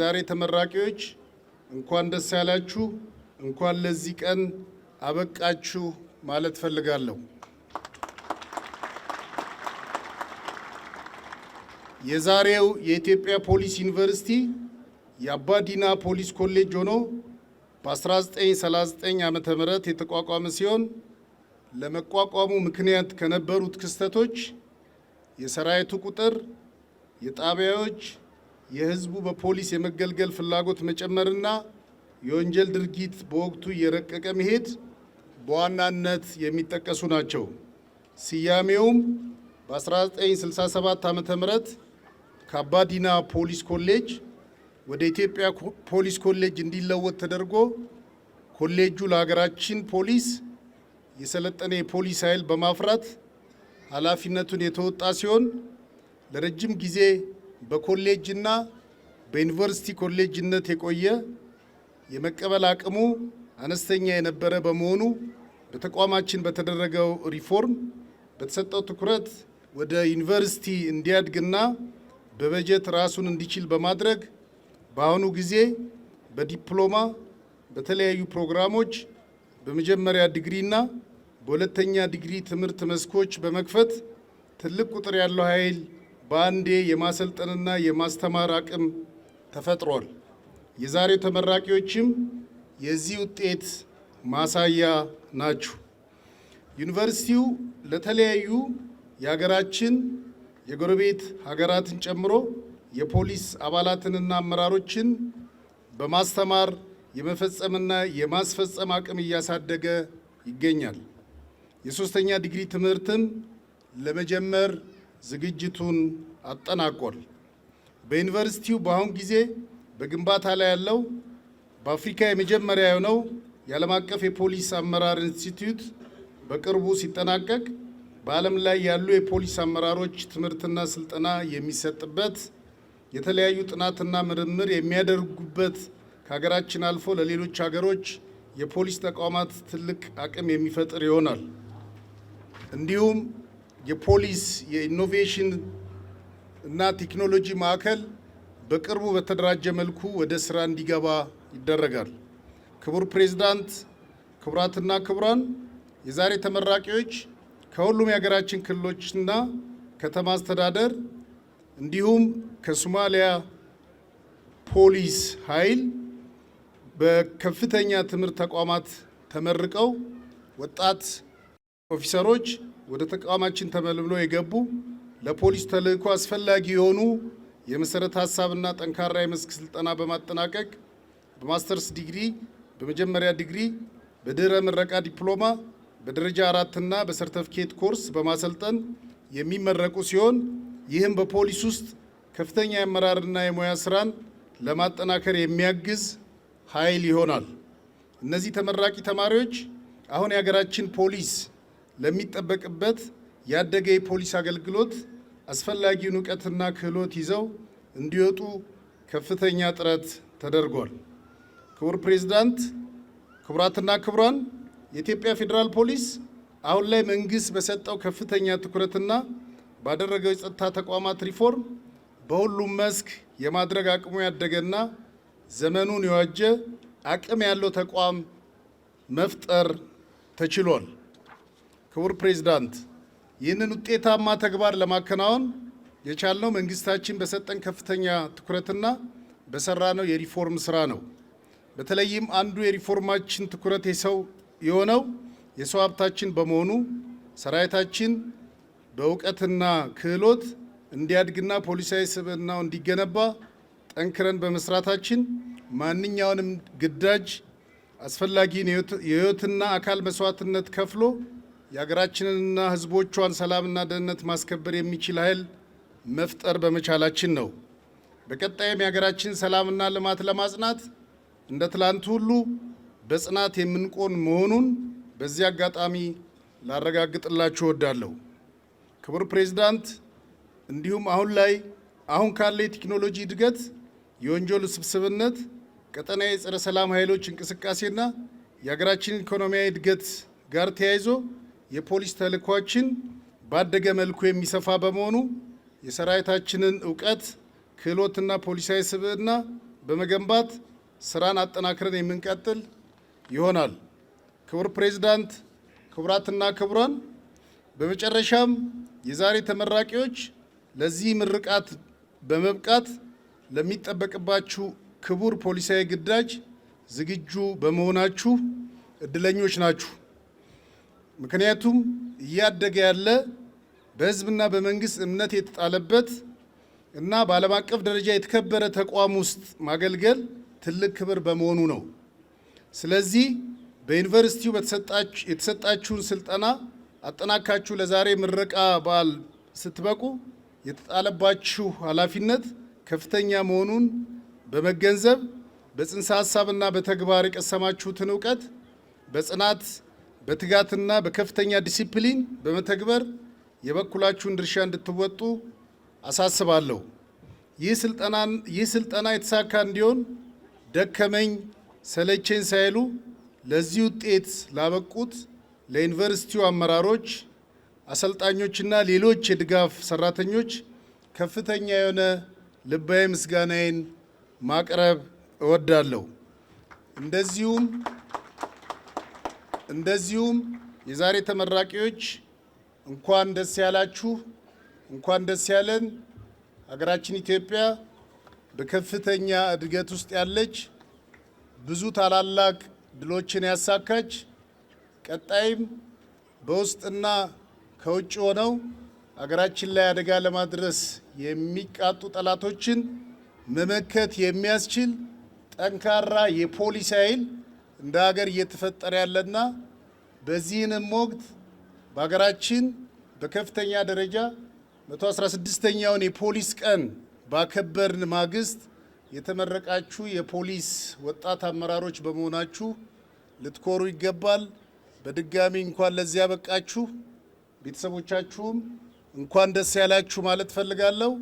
የዛሬ ተመራቂዎች እንኳን ደስ ያላችሁ፣ እንኳን ለዚህ ቀን አበቃችሁ ማለት ፈልጋለሁ። የዛሬው የኢትዮጵያ ፖሊስ ዩኒቨርሲቲ የአባዲና ፖሊስ ኮሌጅ ሆኖ በ1939 ዓ.ም የተቋቋመ ሲሆን ለመቋቋሙ ምክንያት ከነበሩት ክስተቶች የሰራዊቱ ቁጥር፣ የጣቢያዎች የህዝቡ በፖሊስ የመገልገል ፍላጎት መጨመርና የወንጀል ድርጊት በወቅቱ እየረቀቀ መሄድ በዋናነት የሚጠቀሱ ናቸው። ስያሜውም በ1967 ዓ ም ከአባዲና ፖሊስ ኮሌጅ ወደ ኢትዮጵያ ፖሊስ ኮሌጅ እንዲለወጥ ተደርጎ ኮሌጁ ለሀገራችን ፖሊስ የሰለጠነ የፖሊስ ኃይል በማፍራት ኃላፊነቱን የተወጣ ሲሆን ለረጅም ጊዜ በኮሌጅና በዩኒቨርሲቲ ኮሌጅነት የቆየ የመቀበል አቅሙ አነስተኛ የነበረ በመሆኑ በተቋማችን በተደረገው ሪፎርም በተሰጠው ትኩረት ወደ ዩኒቨርሲቲ እንዲያድግና በበጀት ራሱን እንዲችል በማድረግ በአሁኑ ጊዜ በዲፕሎማ በተለያዩ ፕሮግራሞች በመጀመሪያ ዲግሪና በሁለተኛ ዲግሪ ትምህርት መስኮች በመክፈት ትልቅ ቁጥር ያለው ኃይል በአንዴ የማሰልጠንና የማስተማር አቅም ተፈጥሯል። የዛሬው ተመራቂዎችም የዚህ ውጤት ማሳያ ናችሁ። ዩኒቨርሲቲው ለተለያዩ የሀገራችን የጎረቤት ሀገራትን ጨምሮ የፖሊስ አባላትንና አመራሮችን በማስተማር የመፈጸምና የማስፈጸም አቅም እያሳደገ ይገኛል። የሶስተኛ ዲግሪ ትምህርትን ለመጀመር ዝግጅቱን አጠናቋል። በዩኒቨርሲቲው በአሁን ጊዜ በግንባታ ላይ ያለው በአፍሪካ የመጀመሪያ የሆነው የዓለም አቀፍ የፖሊስ አመራር ኢንስቲትዩት በቅርቡ ሲጠናቀቅ በዓለም ላይ ያሉ የፖሊስ አመራሮች ትምህርትና ስልጠና የሚሰጥበት የተለያዩ ጥናትና ምርምር የሚያደርጉበት ከሀገራችን አልፎ ለሌሎች ሀገሮች የፖሊስ ተቋማት ትልቅ አቅም የሚፈጥር ይሆናል። እንዲሁም የፖሊስ የኢኖቬሽን እና ቴክኖሎጂ ማዕከል በቅርቡ በተደራጀ መልኩ ወደ ስራ እንዲገባ ይደረጋል። ክቡር ፕሬዝዳንት፣ ክቡራትና ክቡራን፣ የዛሬ ተመራቂዎች ከሁሉም የሀገራችን ክልሎችና ከተማ አስተዳደር እንዲሁም ከሶማሊያ ፖሊስ ኃይል በከፍተኛ ትምህርት ተቋማት ተመርቀው ወጣት ኦፊሰሮች ወደ ተቋማችን ተመልምሎ የገቡ ለፖሊስ ተልእኮ አስፈላጊ የሆኑ የመሰረተ ሀሳብና ጠንካራ የመስክ ስልጠና በማጠናቀቅ በማስተርስ ዲግሪ፣ በመጀመሪያ ዲግሪ፣ በድህረ ምረቃ ዲፕሎማ፣ በደረጃ አራትና በሰርተፍኬት ኮርስ በማሰልጠን የሚመረቁ ሲሆን ይህም በፖሊስ ውስጥ ከፍተኛ የአመራርና የሙያ ስራን ለማጠናከር የሚያግዝ ኃይል ይሆናል። እነዚህ ተመራቂ ተማሪዎች አሁን የሀገራችን ፖሊስ ለሚጠበቅበት ያደገ የፖሊስ አገልግሎት አስፈላጊውን እውቀትና ክህሎት ይዘው እንዲወጡ ከፍተኛ ጥረት ተደርጓል። ክቡር ፕሬዝዳንት፣ ክቡራትና ክቡራን፣ የኢትዮጵያ ፌዴራል ፖሊስ አሁን ላይ መንግስት በሰጠው ከፍተኛ ትኩረትና ባደረገው የጸጥታ ተቋማት ሪፎርም በሁሉም መስክ የማድረግ አቅሙ ያደገና ዘመኑን የዋጀ አቅም ያለው ተቋም መፍጠር ተችሏል። ክቡር ፕሬዝዳንት፣ ይህንን ውጤታማ ተግባር ለማከናወን የቻልነው መንግስታችን በሰጠን ከፍተኛ ትኩረትና በሰራነው የሪፎርም ስራ ነው። በተለይም አንዱ የሪፎርማችን ትኩረት የሰው የሆነው የሰው ሀብታችን በመሆኑ ሰራዊታችን በእውቀትና ክህሎት እንዲያድግና ፖሊሳዊ ስብዕናው እንዲገነባ ጠንክረን በመስራታችን ማንኛውንም ግዳጅ አስፈላጊን የህይወትና አካል መስዋዕትነት ከፍሎ የሀገራችንንና ህዝቦቿን ሰላምና ደህንነት ማስከበር የሚችል ኃይል መፍጠር በመቻላችን ነው። በቀጣይም የሀገራችን ሰላምና ልማት ለማጽናት እንደ ትላንት ሁሉ በጽናት የምንቆን መሆኑን በዚህ አጋጣሚ ላረጋግጥላችሁ እወዳለሁ። ክቡር ፕሬዝዳንት፣ እንዲሁም አሁን ላይ አሁን ካለ የቴክኖሎጂ እድገት፣ የወንጀል ውስብስብነት፣ ቀጠናዊ የጸረ ሰላም ኃይሎች እንቅስቃሴና የሀገራችን ኢኮኖሚያዊ እድገት ጋር ተያይዞ የፖሊስ ተልዕኳችን ባደገ መልኩ የሚሰፋ በመሆኑ የሰራዊታችንን እውቀት ክህሎትና ፖሊሳዊ ስብዕና በመገንባት ስራን አጠናክረን የምንቀጥል ይሆናል። ክቡር ፕሬዝዳንት፣ ክቡራትና ክቡራን፣ በመጨረሻም የዛሬ ተመራቂዎች ለዚህ ምርቃት በመብቃት ለሚጠበቅባችሁ ክቡር ፖሊሳዊ ግዳጅ ዝግጁ በመሆናችሁ እድለኞች ናችሁ። ምክንያቱም እያደገ ያለ በህዝብና በመንግስት እምነት የተጣለበት እና በዓለም አቀፍ ደረጃ የተከበረ ተቋም ውስጥ ማገልገል ትልቅ ክብር በመሆኑ ነው። ስለዚህ በዩኒቨርሲቲው የተሰጣችሁን ስልጠና አጠናካችሁ ለዛሬ ምረቃ በዓል ስትበቁ የተጣለባችሁ ኃላፊነት ከፍተኛ መሆኑን በመገንዘብ በጽንሰ ሀሳብና በተግባር የቀሰማችሁትን እውቀት በጽናት በትጋትና በከፍተኛ ዲሲፕሊን በመተግበር የበኩላችሁን ድርሻ እንድትወጡ አሳስባለሁ። ይህ ስልጠና የተሳካ እንዲሆን ደከመኝ ሰለቸኝ ሳይሉ ለዚህ ውጤት ላበቁት ለዩኒቨርሲቲው አመራሮች፣ አሰልጣኞችና ሌሎች የድጋፍ ሰራተኞች ከፍተኛ የሆነ ልባዊ ምስጋናዬን ማቅረብ እወዳለሁ። እንደዚሁም እንደዚሁም የዛሬ ተመራቂዎች እንኳን ደስ ያላችሁ፣ እንኳን ደስ ያለን። ሀገራችን ኢትዮጵያ በከፍተኛ እድገት ውስጥ ያለች ብዙ ታላላቅ ድሎችን ያሳካች ቀጣይም በውስጥና ከውጭ ሆነው ሀገራችን ላይ አደጋ ለማድረስ የሚቃጡ ጠላቶችን መመከት የሚያስችል ጠንካራ የፖሊስ ኃይል እንደ ሀገር እየተፈጠረ ያለና በዚህንም ወቅት በሀገራችን በከፍተኛ ደረጃ 116ኛውን የፖሊስ ቀን ባከበርን ማግስት የተመረቃችሁ የፖሊስ ወጣት አመራሮች በመሆናችሁ ልትኮሩ ይገባል። በድጋሚ እንኳን ለዚያ ያበቃችሁ ቤተሰቦቻችሁም እንኳን ደስ ያላችሁ ማለት ፈልጋለሁ።